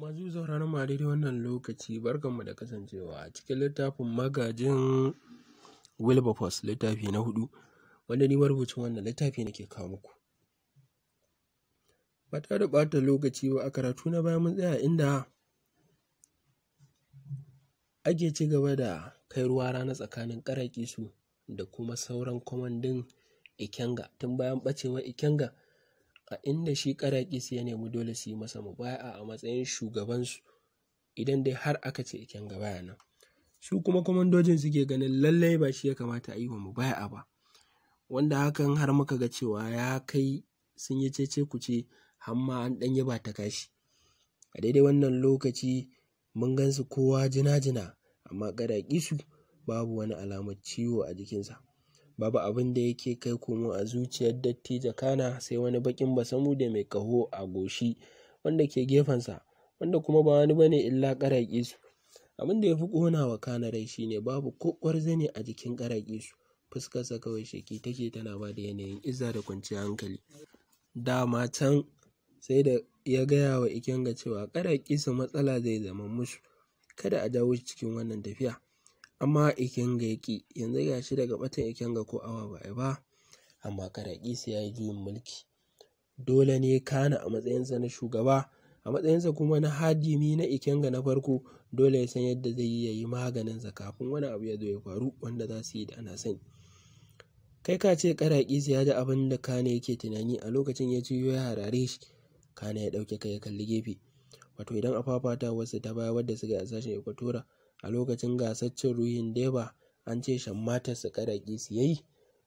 Masu sauraron mu a daidai wannan lokaci barkanmu da kasancewa a cikin littafin magajin Wilberforce littafi na hudu wanda ni marubucin wannan littafi nake kawo muku. Ba tare da ɓata lokaci ba a karatu na baya mun tsaya inda ake ci gaba da kai ruwa rana tsakanin ƙaraƙi su da kuma sauran kwamandin Ikenga tun bayan ɓacewar Ikenga a inda shi sai ya nemi dole su yi masa mubaya a matsayin shugabansu idan dai har aka ce iken gaba ya su kuma kwamandojin suke ganin lallai ba shi ya kamata a yi wa mubaya ba wanda hakan har muka ga cewa ya kai sun yi cece ce, hamma an ɗan yaba ta kashi a daidai wannan lokaci mun gansu kowa jina-jina amma su, babu wani alamar ciwo a jikinsa babu abin da yake kai komo a zuciyar dattijo kana sai wani bakin baƙin da mai kaho a goshi wanda ke gefensa wanda kuma ba wani bane illa su abin da ya fi ƙona wa kana rai shine babu ko ƙwarzane a jikin ƙaraƙisu fuskarsa kawai sheki take tana ba da yanayin izza da kwanciyar hankali dama can sai da ya gaya wa ikenga cewa su matsala zai zama musu kada a jawo shi cikin wannan tafiya amma Ikenga ya yanzu ga shi daga batan Ikenga ko awa ba a ba amma sai ya yi juyin mulki dole ne Kana a matsayinsa na shugaba a matsayinsa kuma na hadimi na Ikenga na farko dole ya san yadda zai yi ya yi sa kafin wani abu ya zo ya faru wanda za su yi da ana sani kai ka ce sai ya ji abin da Kana yake tunani a lokacin ya juyo ya harare shi Kana ya ɗauke kai ya kalli gefe wato idan a fafata wasu ta baya wadda suka yi a sashen ya Ekwatora a lokacin gasar cin ruhin deba an ce shammata su karaƙi su yayi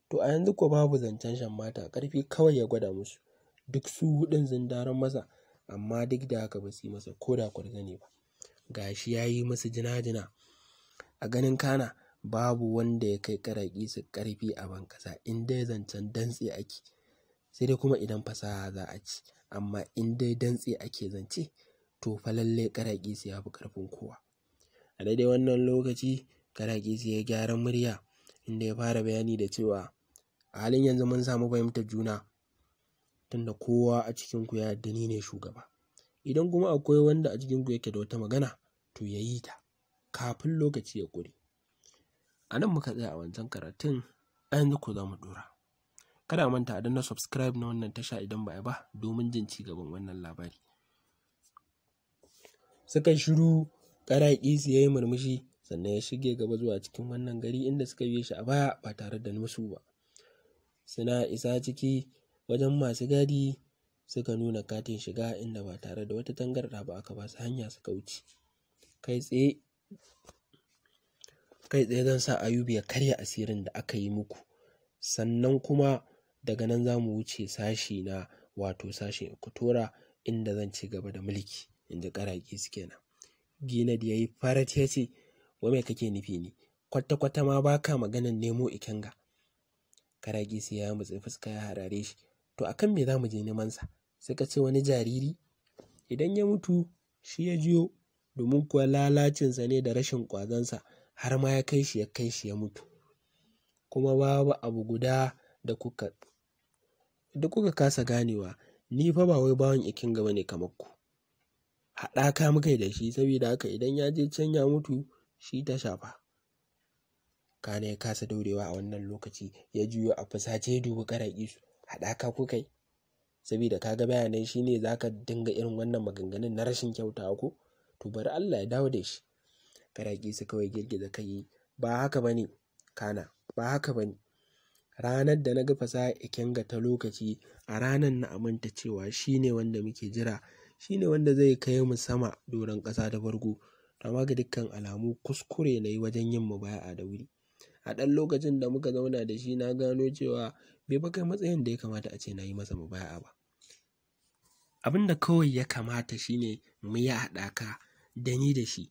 to a yanzu ko babu zancen shammata ƙarfi kawai ya gwada musu duk su huɗun zindaran masa amma duk da haka ba su yi masa ko da ne ba gashi ya yi musu jina-jina a ganin kana babu wanda ya kai ƙaraƙi su ƙarfi a bankasa in dai zancen dantse ake sai dai kuma idan fasaha za a ci amma in dai dantse ake zance to fa lallai karaƙi su ya fi ƙarfin kowa A daidai wannan lokaci sai ya gyaran murya inda ya fara bayani da cewa a halin yanzu mun samu fahimtar juna tunda kowa a cikinku ya yarda ni ne shugaba. Idan kuma akwai wanda a ku yake da wata magana to ya yi ta kafin lokaci ya ƙure. A nan muka tsaya a wancan karatun a yanzu ko za mu ɗora. Kada manta a danna subscribe na wannan tasha idan ba a ba domin jin ci gaban wannan labari. Suka shiru Karaƙisi ya yi murmushi sannan ya shige gaba zuwa cikin wannan gari inda suka yi shi a baya ba tare da musu ba. Suna isa ciki wajen masu gadi suka nuna katin shiga inda ba tare da wata tangarɗa ba aka ba su hanya suka wuce. Kai tsaye kai tsaye zan sa ayubi ya karya asirin da aka yi muku sannan kuma daga nan za mu wuce sashi na wato sashin Ekutora inda zan ci gaba da mulki in ji su kenan. Ginad ya yi farat ya ce, wa mai kake nufi ne? Kwata-kwata ma ba ka maganan nemo ikenga. Karagi sai ya mutsi fuska ya harare shi. To a kan me za mu je neman sa? Sai ce wani jariri? Idan ya mutu shi ya jiyo domin kuwa lalacinsa ne da rashin ƙwazonsa har ma ya kai shi ya kai shi ya mutu. Kuma babu abu guda da kuka da kuka kasa ganewa ni fa ba wai bawan ikinga ne kamar ku. haɗaka muka yi da shi saboda haka idan ya je can ya mutu shi ta shafa kana ya kasa daurewa a wannan lokaci ya juyo a fusace ya dubi karaƙi su haɗaka kuka yi saboda kaga bayanai shi ne za ka dinga irin wannan maganganun na rashin kyauta ko to bari Allah ya dawo da shi karaƙi su kawai girgiza kai ba haka ba ne, kana ba haka ba ne. ranar da na ga fasa ikenga ta lokaci a ranar na aminta cewa shi ne wanda muke jira shine wanda zai kai mu sama doron ƙasa ta farko amma ga dukkan alamu kuskure na yi wajen yin mubaya'a da wuri a ɗan lokacin da muka zauna da shi na gano cewa bai fa kai matsayin da ya kamata a ce na yi masa mubaya'a ba abin da kawai ya kamata shine mu yi haɗaka da ni da shi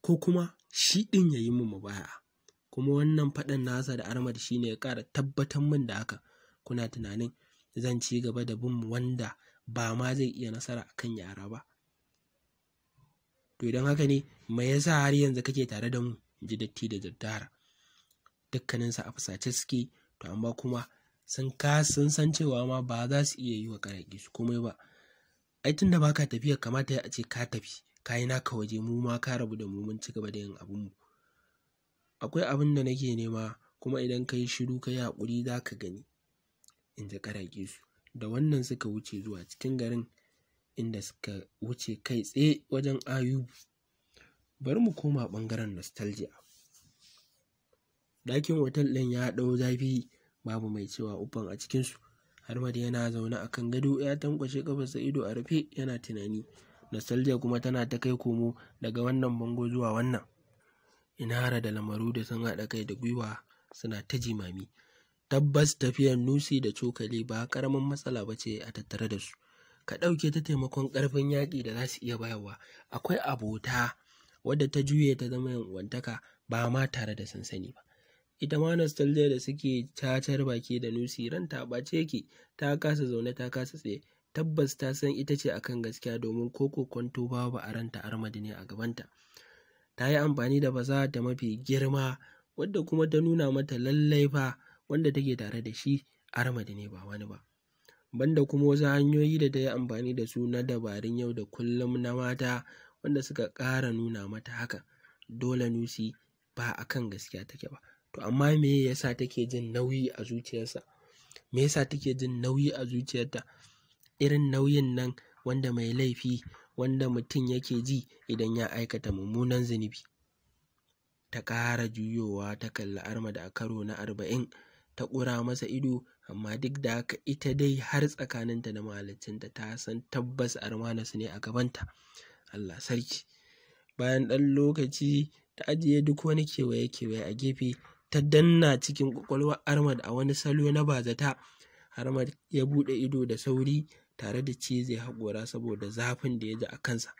ko kuma shi ɗin ya yi mu mubaya'a kuma wannan faɗan nasa da armad shine ya ƙara tabbatar min da haka kuna tunanin zan ci gaba da bin wanda ba ma zai iya nasara a kan yara ba to idan haka ne me yasa har yanzu kake tare da mu ji datti da daddara dukkaninsa a fusace suke to amma kuma sun sun san cewa ma ba za su iya yi wa karaki su komai ba ai ba ka tafiya kamata a ce ka tafi ka yi naka waje mu ma ka rabu da mu mun ci gaba da yin abin mu akwai abin da nake nema kuma idan ka yi shiru ka yi haƙuri za ka gani in ji karaki su da wannan suka wuce zuwa cikin garin inda suka wuce kai tsaye wajen ayubu bari mu koma ɓangaren nostalgia dakin otal ɗin ya ɗau zafi babu mai cewa uban a cikinsu harmad yana zaune a kan gado ya tankwashe ƙafarsa ido a rufe yana tunani nostalgia kuma tana ta kai komo daga wannan bango zuwa wannan inara da lamaru da sun haɗa kai da gwiwa suna ta jimami tabbas tafiyar nusi da cokali ba ƙaramin matsala ba ce a tattare da su ka ɗauke ta taimakon ƙarfin yaƙi da za su iya bayarwa akwai abota wadda ta juye ta zama uwantaka, ba ma tare da sansani ba ita ma nostalgia da suke cacar baki da nusi ran ta ɓace yake ta kasa zaune ta kasa tsaye tabbas ta san ita ce akan gaskiya domin ko kwanto babu a ranta armadi ne a gabanta ta yi amfani da fasaha ta mafi girma wadda kuma ta nuna mata lallai fa wanda take tare da shi armadi ne ba wani ba banda kuma wasu hanyoyi da ta yi amfani da su na dabarun yau da kullum na mata wanda suka ƙara nuna mata haka dole Nusi ba a kan gaskiya take ba to amma me yasa take jin nauyi a zuciyarsa me yasa take jin nauyi a zuciyarta irin nauyin nan wanda mai laifi wanda mutum yake ji idan ya aikata mummunan zunubi ta ƙara juyowa ta kalli armadi a karo na arba'in ta ƙura masa ido amma duk da haka ita dai har tsakaninta da mahaliccinta ta san tabbas armanus ne a gabanta Allah sarki bayan ɗan lokaci ta ajiye duk wani kewaye kewaye a gefe ta danna cikin ƙwaƙwalwar armad a wani salo na bazata armad ya buɗe ido da sauri tare da cize haƙora saboda zafin da ya ji a kansa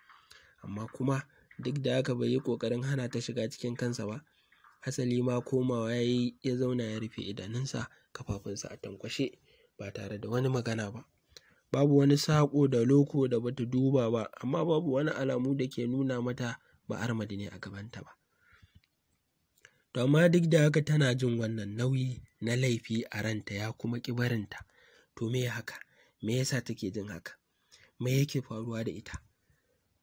amma kuma duk da haka bai yi ƙoƙarin hana ta shiga cikin kansa ba Hasali ma komawa ya yi ya zauna ya rufe idanunsa kafafunsa a tankwashe ba tare da wani magana ba. Babu wani saƙo da loko da bata duba ba amma babu wani alamu da ke nuna mata ba armadi ne a gabanta ba. To amma duk da haka tana jin wannan nauyi na laifi a ranta ya kuma ƙi To me haka? Me yasa take jin haka? Me yake faruwa da ita?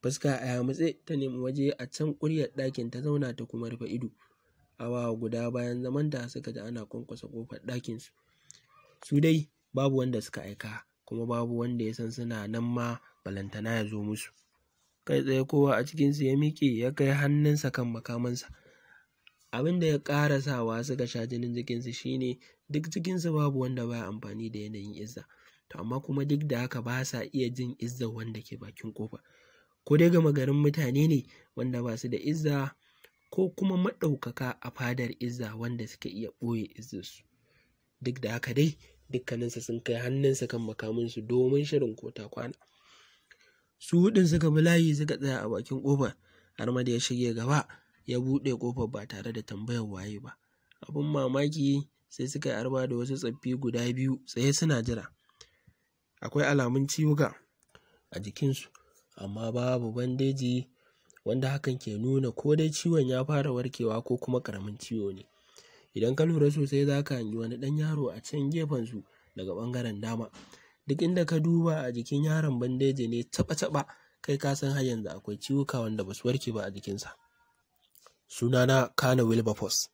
Fuska a yamutse ta nemi waje a can ƙuryar ɗakin ta zauna ta kuma rufe ido. awa guda bayan zaman zamanta suka ji ana kwankwasa kofar ɗakinsu su dai babu wanda suka aika kuma babu wanda ya san suna nan ma balantana ya zo musu kai tsaye kowa a cikinsu ya miƙe ya kai hannunsa kan makamansa abin da ya ƙara sawa suka sha jinin jikinsu shine duk su babu wanda baya amfani da yanayin izza to amma kuma duk da haka ba sa iya jin izza wanda ke bakin kofa ko dai gama garin mutane ne wanda ba su da izza ko kuma maɗaukaka a fadar izza wanda suka iya ɓoye izzarsu duk da haka dai dukkaninsa sun kai hannunsa kan makaminsu domin shirin kota kwana su hudun suka bi layi suka tsaya a bakin ƙofar har ma da ya shige gaba ya buɗe ƙofar ba tare da tambayar waye ba abin mamaki sai suka yi arba da wasu tsaffi guda biyu tsaye suna jira akwai alamun ciwuka a jikinsu amma babu bandeji wanda hakan ke nuna ko dai ciwon ya fara warkewa ko kuma karamin ciwo ne idan ka lura sosai za ka hangi wani ɗan yaro a can gefen su daga ɓangaren dama duk inda ka duba a jikin yaron bandeji ne taɓa-taɓa kai ka san har yanzu akwai ciwuka wanda ba su warke ba a jikinsa sunana kana wilberforce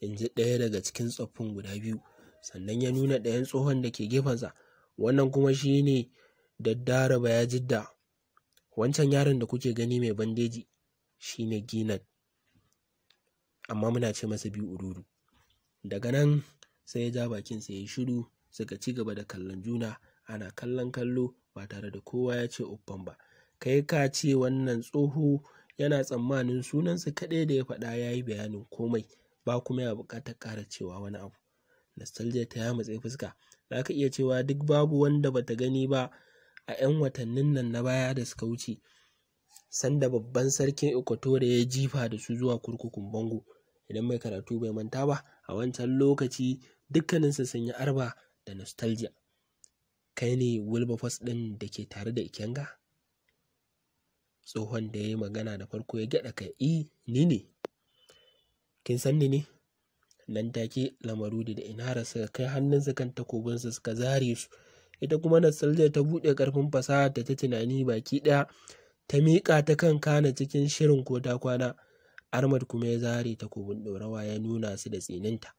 in ji ɗaya daga cikin tsoffin guda biyu sannan ya nuna ɗayan tsohon da ke gefensa wannan kuma shine ne daddara jidda wancan yaron da kuke gani mai bandeji shine ginan amma muna ce masa biyu ururu daga nan sai ya ja bakin sa ya shiru suka ci gaba da kallon juna ana kallon kallo ba tare da kowa ya ce uban ba kai ka ce wannan tsoho yana tsammanin sunansa kaɗai da ya faɗa ya yi bayanin komai ba kuma ya buƙatar ƙara cewa wani abu nostalgia ta ya matsayi fuska za ka iya cewa duk babu wanda bata gani ba a 'yan watannin nan na baya da suka wuce sanda babban sarkin ekwatoriya ya jifa da su zuwa kurkukun Bango idan mai karatu bai manta ba a wancan lokaci dukkanin sun yi arba da nostalgia kai ne Wilberforce ɗin da ke tare da Ikenga tsohon da ya yi magana da farko ya gyaɗa kai i ni ne kin san ni ne nan take lamarudi da inara suka kai hannunsa kan takobinsa suka zare su ita kuma nostalgia ta buɗe ƙarfin fasaha ta tunani baki ɗaya ta miƙa ta kan kana cikin shirin ko ta kwana armad kuma ya zare ta takobin ɗorawa ya nuna su da tsininta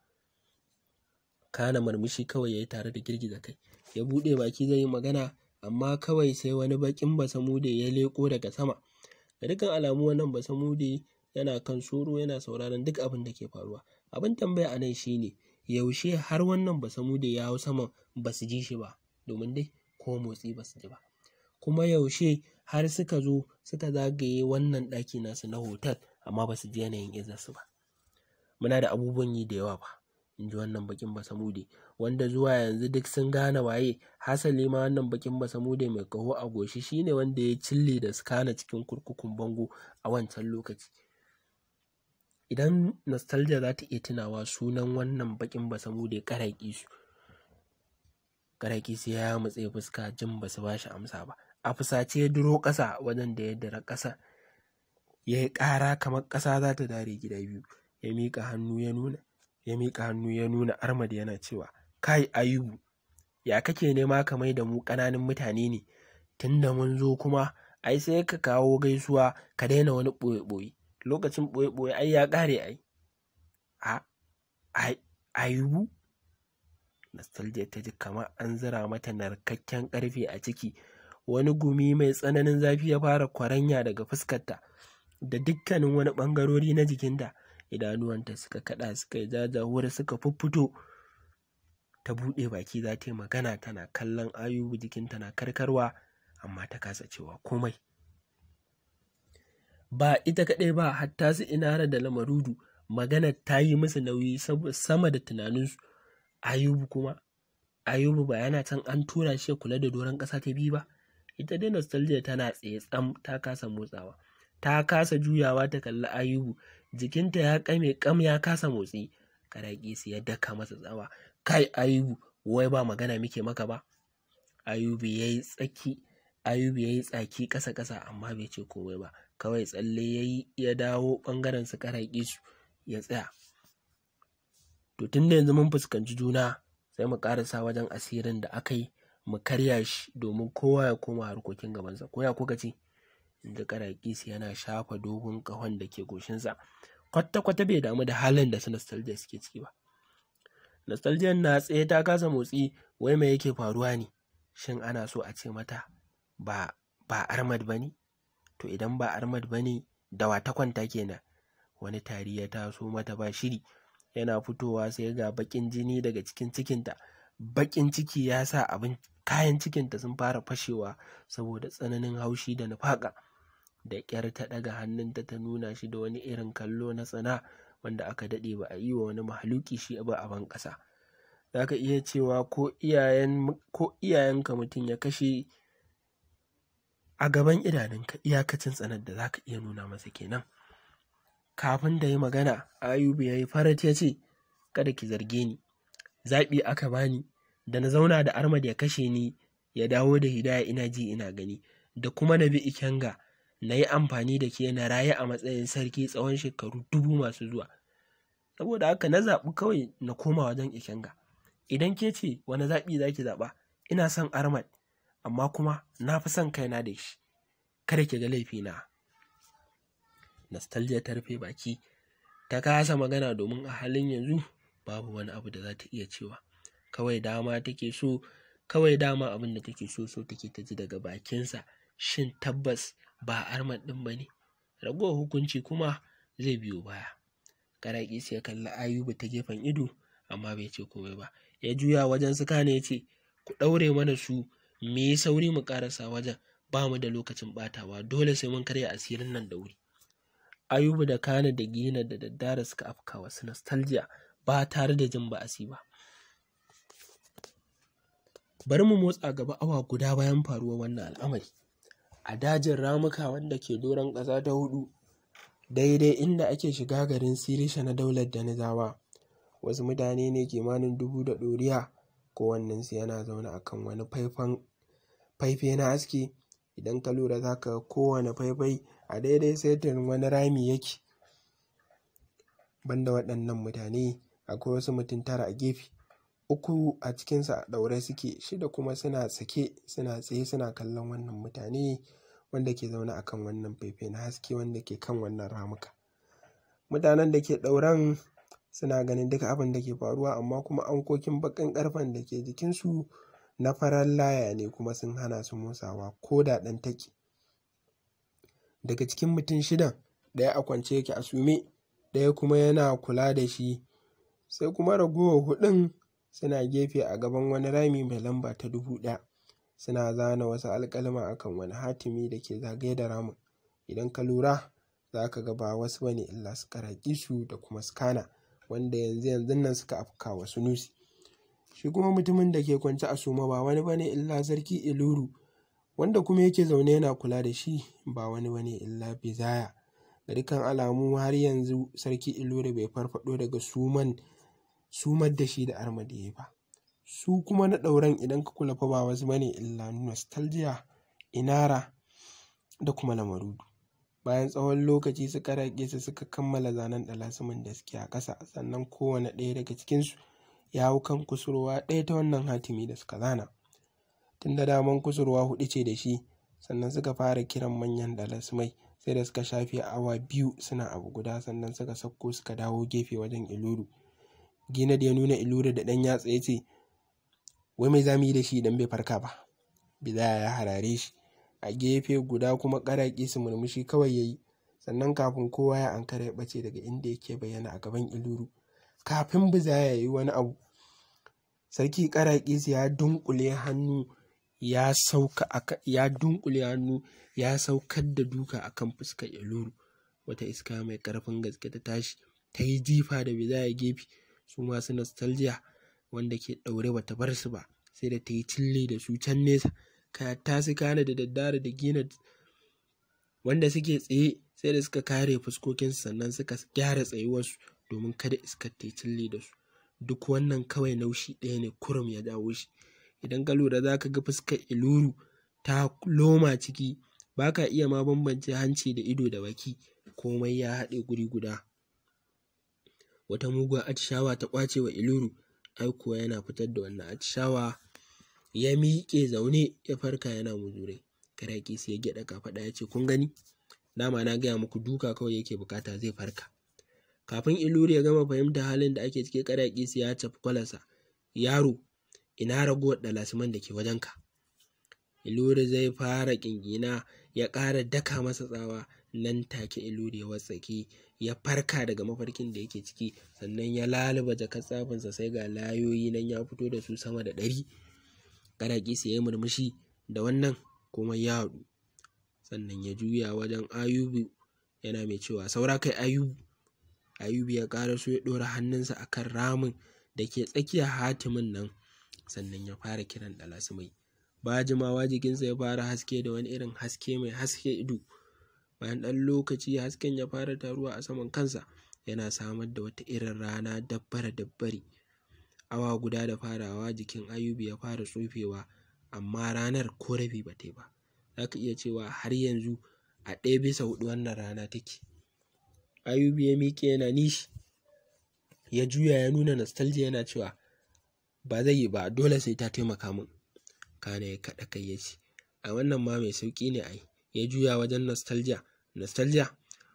kana marmushi kawai ya yi tare da girgiza kai ya buɗe baki zai yi magana amma kawai sai wani baƙin basamude ya leƙo daga sama da dukkan alamu wannan basamude yana kan soro yana sauraron duk abin da ke faruwa abin tambaya a nan shine yaushe har wannan basamude ya hau saman basu ji shi ba domin dai ko motsi basu ji ba kuma yaushe har suka zo suka zagaye wannan ɗaki nasu na hotel amma ba su ji yanayin izarsu ba muna da abubuwan yi da yawa ba in ji wannan bakin basamude wanda zuwa yanzu duk sun gane waye hasali ma wannan bakin basamude mai kaho a goshi shine wanda ya cille da skana cikin kurkukun bango a wancan lokaci idan nostalgia za ta iya tunawa sunan wannan bakin basamude karaki su karaki su ya mutse fuska jin ba su ba amsa ba a fusace ya duro ƙasa wajen da ya dara ƙasa ya yi ƙara kamar ƙasa za ta dare gida biyu ya miƙa hannu ya nuna ya miƙa hannu ya nuna armad yana cewa kai ayubu ya kake nema ka mai da mu ƙananan mutane ne tun da mun zo kuma ai sai ka kawo gaisuwa ka daina wani ɓoye-ɓoye lokacin ɓoye-ɓoye ai ya ƙare ai a ayubu nostalgia ta ji kamar an zira mata narkakken ƙarfe a ciki wani gumi mai tsananin zafi ya fara kwaranya daga fuskarta da dukkanin wani ɓangarori na jikinta idanuwanta suka kaɗa suka yi jajawar suka fuffuto ta buɗe baki za ta yi magana tana kallon ayubu jikinta na karkarwa amma ta kasa cewa komai ba ita kaɗai ba hatta su inara da lamarudu magana ta yi musu nauyi sama da tunaninsu ayubu kuma ayubu ba yana can an tura shi ya kula da doron ƙasa ta biyu ba ita dai nostalgia tana tsaye tsam ta kasa motsawa ta kasa juyawa ta kalli ayubu jikinta ya kame kam ya kasa motsi karakisi ya daka masa tsawa kai ayubu wai ba magana muke maka ba ayubu ya yi tsaki ayubu ya tsaki kasa kasa amma bai ce komai ba kawai tsalle ya ya dawo bangaren su su ya tsaya to tun da yanzu mun fuskanci juna sai mu karasa wajen asirin da aka yi mu karya shi domin kowa ya koma harkokin gabansa ko ya kuka ce in ji karakis yana shafa dogon kahon da ke goshinsa kwata-kwata bai damu da halin da su nostalgia suke ciki ba nostalgia na tsaye ta kasa motsi wai mai yake faruwa ne shin ana so a ce mata ba ba armad ba ne to idan ba armad ba ne wa ta kwanta kenan wani tari ya taso mata ba shiri yana fitowa sai ga bakin jini daga cikin cikinta baƙin ciki ya sa abin kayan cikinta sun fara fashewa saboda tsananin haushi da nufaƙa da ƙyar ta ɗaga hannunta ta nuna shi da wani irin kallo na tsana wanda aka daɗe ba a yi wa wani mahaluki shi ba a ban ƙasa za ka iya cewa ko iyayenka mutum ya kashe a gaban idanunka iyakacin tsanar da za ka iya nuna masa kenan kafin da yi magana ayubu ya yi farat ya ce kada ki zarge ni zaɓi aka bani da na zauna da Ahmad ya kashe ni ya dawo da hidaya ina ji ina gani da kuma na bi ikenga na yi amfani da ke na raye a matsayin sarki tsawon shekaru dubu masu zuwa saboda haka na zaɓi kawai na koma wajen ikenga idan ke ce wani zaɓi za ki zaɓa ina son armad amma kuma na fi son kaina da shi kada ki ga laifina nostalgia ta rufe baki ta kasa magana domin a halin yanzu babu wani abu da za ta iya cewa kawai dama take so kawai dama abin da take so so take ta ji daga bakinsa shin tabbas ba armar din ba ne ragowar hukunci kuma zai biyo baya karaki sai ya kalli ayuba ta gefen ido amma bai ce komai ba ya juya wajen su kane ya ce ku ɗaure mana su me yi sauri mu karasa wajen ba mu da lokacin batawa dole sai mun karya asirin nan da wuri ayuba da kane da gina da daddara suka afkawa su nostalgia ba tare da jin ba'asi ba bari mu motsa gaba awa guda bayan faruwar wannan al'amari a dajin ramuka wanda ke doron ƙasa ta hudu daidai inda ake shiga garin sirisha na daular da nizawa wasu mutane ne kimanin dubu da ɗoriya kowannensu yana zaune a kan wani faife na aski idan ka lura za ka kowane faifai a daidai saitin wani rami yake banda waɗannan mutane akwai wasu mutum tara a gefe uku a cikinsa ɗaure suke shida kuma suna sake suna tsaye suna kallon wannan mutane wanda ke zaune a kan wannan fefe na haske wanda ke kan wannan ramuka mutanen da ke ɗauren suna ganin duka abin da ke faruwa amma kuma ankokin baƙin ƙarfen da ke jikinsu na farar laya ne kuma sun hana su motsawa ko da ɗan take daga cikin mutum shidan ɗaya a kwance yake a sume ɗaya kuma yana kula da shi sai kuma ragowa huɗun suna gefe a gaban wani rami mai lamba ta dubu ɗaya suna zana wasu a kan wani hatimi da ke zagaye da ramin idan ka lura za ka ga ba wasu bane illa su karaƙi da kuma skana wanda yanzu yanzun nan suka afka wasu nusi shi kuma mutumin da ke kwance a suma ba wani bane illa sarki iluru wanda kuma yake zaune yana kula da shi ba wani bane illa bizaya da dukkan alamu har yanzu sarki iluru bai farfado daga suman su da shi da armadi ba. Su kuma na ɗauran idan ka kula fa ba wasu bane illa nostalgia, inara da kuma lamarudu. Bayan tsawon lokaci suka rage su suka kammala zanen lasumin da suke a ƙasa sannan kowane ɗaya daga cikinsu ya hau kan kusurwa ɗaya ta wannan hatimi da suka zana. Tun da daman kusurwa hudu ce da shi sannan suka fara kiran manyan dalasmai sai da suka shafe awa biyu suna abu guda sannan suka sauko suka dawo gefe wajen iluru Ginad ya nuna Ilura da ɗan yatsa ya ce, wai mai zamu yi da shi idan bai farka ba. bizaya ya harare shi. A gefe guda kuma ƙaraƙi su murmushi kawai ya yi, sannan kafin kowa ya ankara ya ɓace daga inda yake bayyana a gaban Iluru. Kafin bizaya ya yi wani abu, sarki ƙaraƙi ya dunƙule hannu ya sauka ya dunƙule hannu ya saukar da duka akan fuskar Iluru. Wata iska mai ƙarfin gaske ta tashi ta yi jifa da bizaya gefe. su masu nostalgia wanda ke ɗaure bata bar su ba sai da ta yi cille da su can nesa ta su kana da daddare da gina wanda suke tsaye sai da suka kare fuskokinsu sannan suka gyara tsayuwarsu domin kada iska ta yi cille da su duk wannan kawai naushi ɗaya ne kurum ya dawo shi idan ka lura za ka ga fuskar iluru ta loma ciki baka iya ma bambance hanci da ido da baki komai ya haɗe guri guda wata muguwar atishawa ta ƙwace wa Iluru ai kuwa yana fitar da wannan atishawa ya miƙe zaune ya farka yana muzurai karaki sai ya gyada kafaɗa ya ce kun gani dama na gaya muku duka kawai yake bukata zai farka kafin Iluru ya gama fahimta halin da ake ciki karaki sai ya tafi kwalarsa yaro ina ragowar dalasiman da ke wajenka Iluru zai fara kingina ya ƙara daka masa tsawa nan take ilu da ya watsake ya farka daga mafarkin da yake ciki sannan ya laluba jakar tsafinsa sai ga layoyi nan ya fito da su sama da ɗari ƙaraƙi sai ya murmushi da wannan kuma ya haɗu sannan ya juya wajen ayubu yana mai cewa saura kai ayubu ayubu ya so ya ɗora hannunsa a kan ramin da ke tsakiya hatimin nan sannan ya fara kiran mai. ba jimawa jikinsa ya fara haske da wani irin haske mai haske ido bayan ɗan lokaci hasken ya fara taruwa a saman kansa yana samar da wata irin rana dabbare dabbari awa guda da farawa jikin ayubi ya fara tsufewa amma ranar ko rabi ba ta yi ba za ka iya cewa har yanzu a ɗaya bisa hudu wannan rana take ayubi ya miƙe yana nishi ya juya ya nuna nostalgia yana cewa ba zai yi ba dole sai ta taimaka min kana ya kaɗa kai ya ce a wannan ma mai sauƙi ne ai ya juya wajen nostalgia Nostalgia,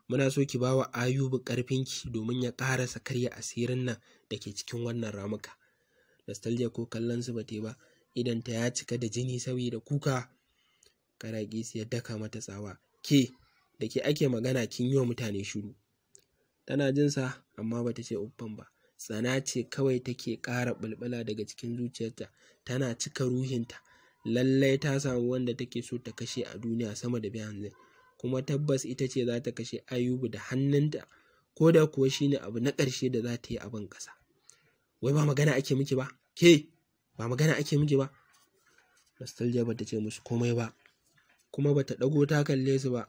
muna so ki bawa Ayubu ƙarfinki domin ya sa karya asirin nan da ke cikin wannan ramuka. Nostalgia ko kallon su yi ba, idan ta ya cika da jini da kuka. gisi ya daka mata tsawa, ke da ke ake magana kin yi wa mutane shiru. Tana jin sa, amma bata ce uffan ba. Tsana ce kawai take ƙara bulbula daga cikin zuciyarta, tana cika ruhinta. Lallai ta samu wanda take so ta kashe a duniya sama da biyan zai. kuma tabbas ita ce za ta kashe ayubu da hannunta ko da kuwa shine abu na ƙarshe da za ta yi abin ƙasa wai ba magana ake miki ba ke ba magana ake miki ba nostalgia ba ta ce musu komai ba kuma ba ta ɗago ta kalle su ba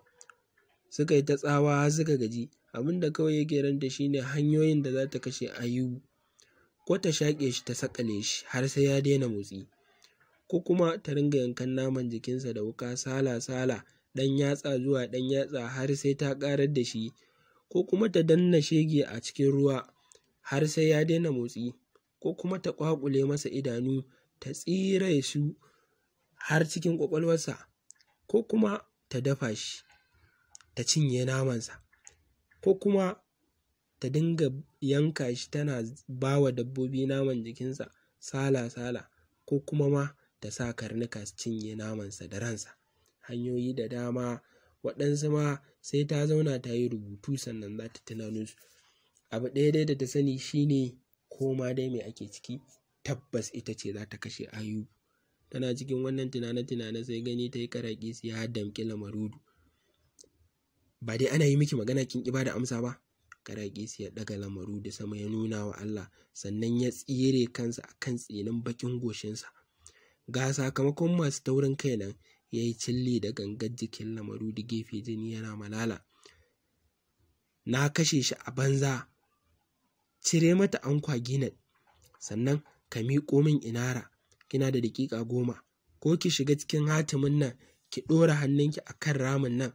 suka yi ta tsawa suka gaji abin da kawai yake ranta shine hanyoyin da za ta kashe ayubu ko ta shaƙe shi ta saƙale shi har sai ya daina motsi ko kuma ta ringa yankan naman jikinsa da wuka sala sala ɗan yatsa zuwa ɗan yatsa har sai ta ƙarar da shi ko kuma ta danna shege a cikin ruwa har sai ya daina motsi ko kuma ta ƙwaƙule masa idanu ta tsira su har cikin ƙwaƙwalwarsa ko kuma ta dafa shi ta cinye namansa ko kuma ta dinga yanka shi tana ba wa dabbobi naman jikinsa sala-sala ko kuma ma ta sa karnuka su cinye namansa da ransa hanyoyi da dama waɗansu ma sai ta zauna ta yi rubutu sannan za ta tunano su abu ɗaya dai da ta sani shine ko ma dai me ake ciki tabbas ita ce za ta kashe ayubu tana cikin wannan tunane-tunane sai gani ta yi karaƙi ya damƙi lamarudu ba dai ana yi miki magana kin ƙi da amsa ba karaƙi ya ɗaga lamaru da sama ya nuna wa Allah sannan ya tsire kansa a kan tsinin bakin goshinsa ga sakamakon masu taurin kai nan ya yi cilli da gangar jikin Lamarudi gefe jini yana malala. Na kashe shi a banza, cire mata ankwa ginet, sannan ka miƙo min inara, kina da daƙiƙa goma, ko ki shiga cikin hatimin nan, ki ɗora hannunki a kan ramin nan,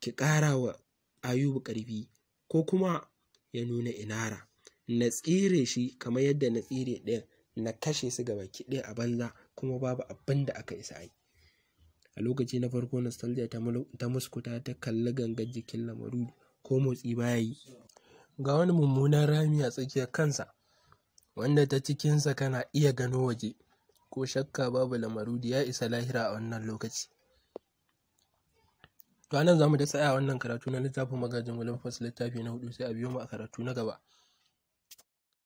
ki ƙara wa Ayubu ƙarfi, ko kuma ya nuna inara. Na tsire shi kamar yadda na tsire ɗin na kashe su gaba gabaki ɗaya a banza kuma babu abin da aka isa yi. A lokaci na farko nostalgia ta muskuta ta kalli gangar jikin lamaru ko motsi baya yi. Ga wani mummunan rami a tsakiyar kansa wanda ta cikinsa kana iya gano waje. Ko shakka babu Lamarudi ya isa lahira a wannan lokaci. To anan za mu da tsaya wannan karatu na littafin magajin Walafas littafi na hudu sai a biyo mu a karatu na gaba.